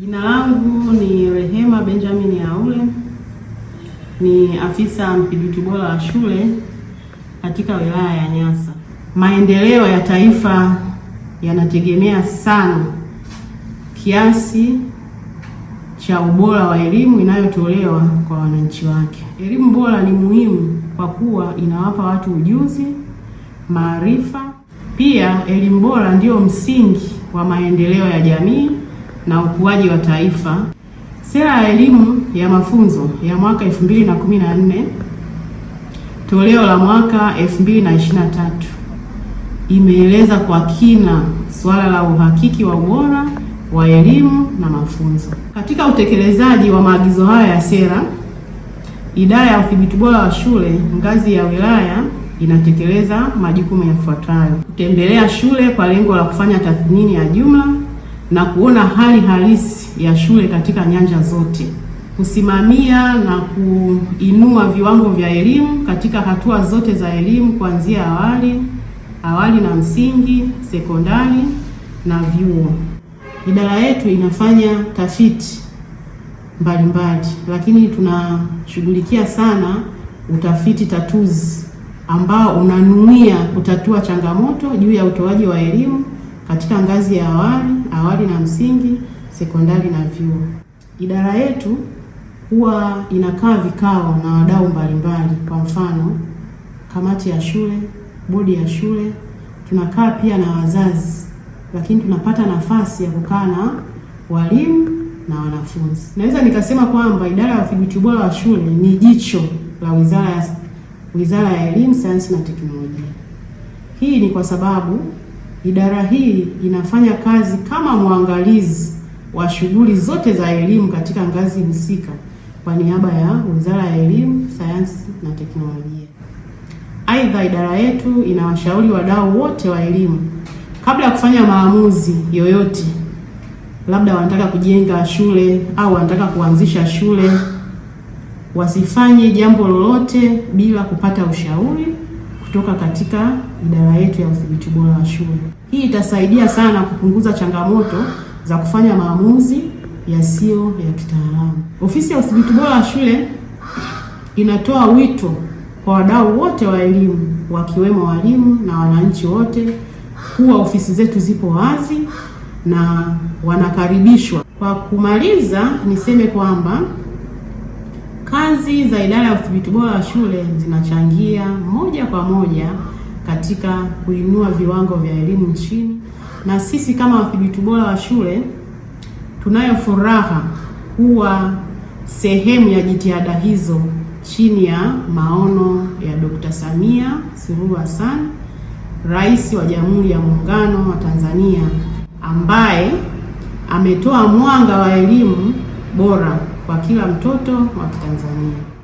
Jina langu ni Rehema Benjamin Aule, ni afisa mdhibiti bora wa shule katika wilaya ya Nyasa. Maendeleo ya taifa yanategemea sana kiasi cha ubora wa elimu inayotolewa kwa wananchi wake. Elimu bora ni muhimu kwa kuwa inawapa watu ujuzi, maarifa. Pia elimu bora ndiyo msingi wa maendeleo ya jamii na ukuaji wa taifa. Sera ya elimu ya mafunzo ya mwaka 2014 toleo la mwaka 2023 imeeleza kwa kina suala la uhakiki wa ubora wa elimu na mafunzo. Katika utekelezaji wa maagizo haya ya sera, idara ya udhibiti bora wa shule ngazi ya wilaya inatekeleza majukumu yafuatayo: kutembelea shule kwa lengo la kufanya tathmini ya jumla na kuona hali halisi ya shule katika nyanja zote, kusimamia na kuinua viwango vya elimu katika hatua zote za elimu kuanzia awali, awali na msingi, sekondari na vyuo. Idara yetu inafanya tafiti mbalimbali, lakini tunashughulikia sana utafiti tatuzi ambao unanuia kutatua changamoto juu ya utoaji wa elimu katika ngazi ya awali awali na msingi, sekondari na vyuo. Idara yetu huwa inakaa vikao na wadau mbalimbali, kwa mfano kamati ya shule, bodi ya shule, tunakaa pia na wazazi, lakini tunapata nafasi ya kukaa na walimu na wanafunzi. Naweza nikasema kwamba idara ya udhibiti ubora wa shule ni jicho la wizara ya wizara ya elimu, sayansi na teknolojia. Hii ni kwa sababu Idara hii inafanya kazi kama mwangalizi wa shughuli zote za elimu katika ngazi husika kwa niaba ya Wizara ya Elimu, Sayansi na Teknolojia. Aidha, idara yetu inawashauri wadau wote wa elimu kabla ya kufanya maamuzi yoyote, labda wanataka kujenga shule au wanataka kuanzisha shule, wasifanye jambo lolote bila kupata ushauri kutoka katika idara yetu ya udhibiti bora wa shule. Hii itasaidia sana kupunguza changamoto za kufanya maamuzi yasiyo ya kitaalamu. Ofisi ya udhibiti bora wa shule inatoa wito kwa wadau wote wa elimu wakiwemo walimu na wananchi wote kuwa ofisi zetu zipo wazi na wanakaribishwa. Kwa kumaliza, niseme kwamba Kazi za idara ya udhibiti bora wa shule zinachangia moja kwa moja katika kuinua viwango vya elimu nchini, na sisi kama wadhibiti bora wa shule tunayo furaha kuwa sehemu ya jitihada hizo chini ya maono ya Dr. Samia Suluhu Hassan, Rais wa Jamhuri ya Muungano wa Tanzania, ambaye ametoa mwanga wa elimu bora kwa kila mtoto wa Kitanzania.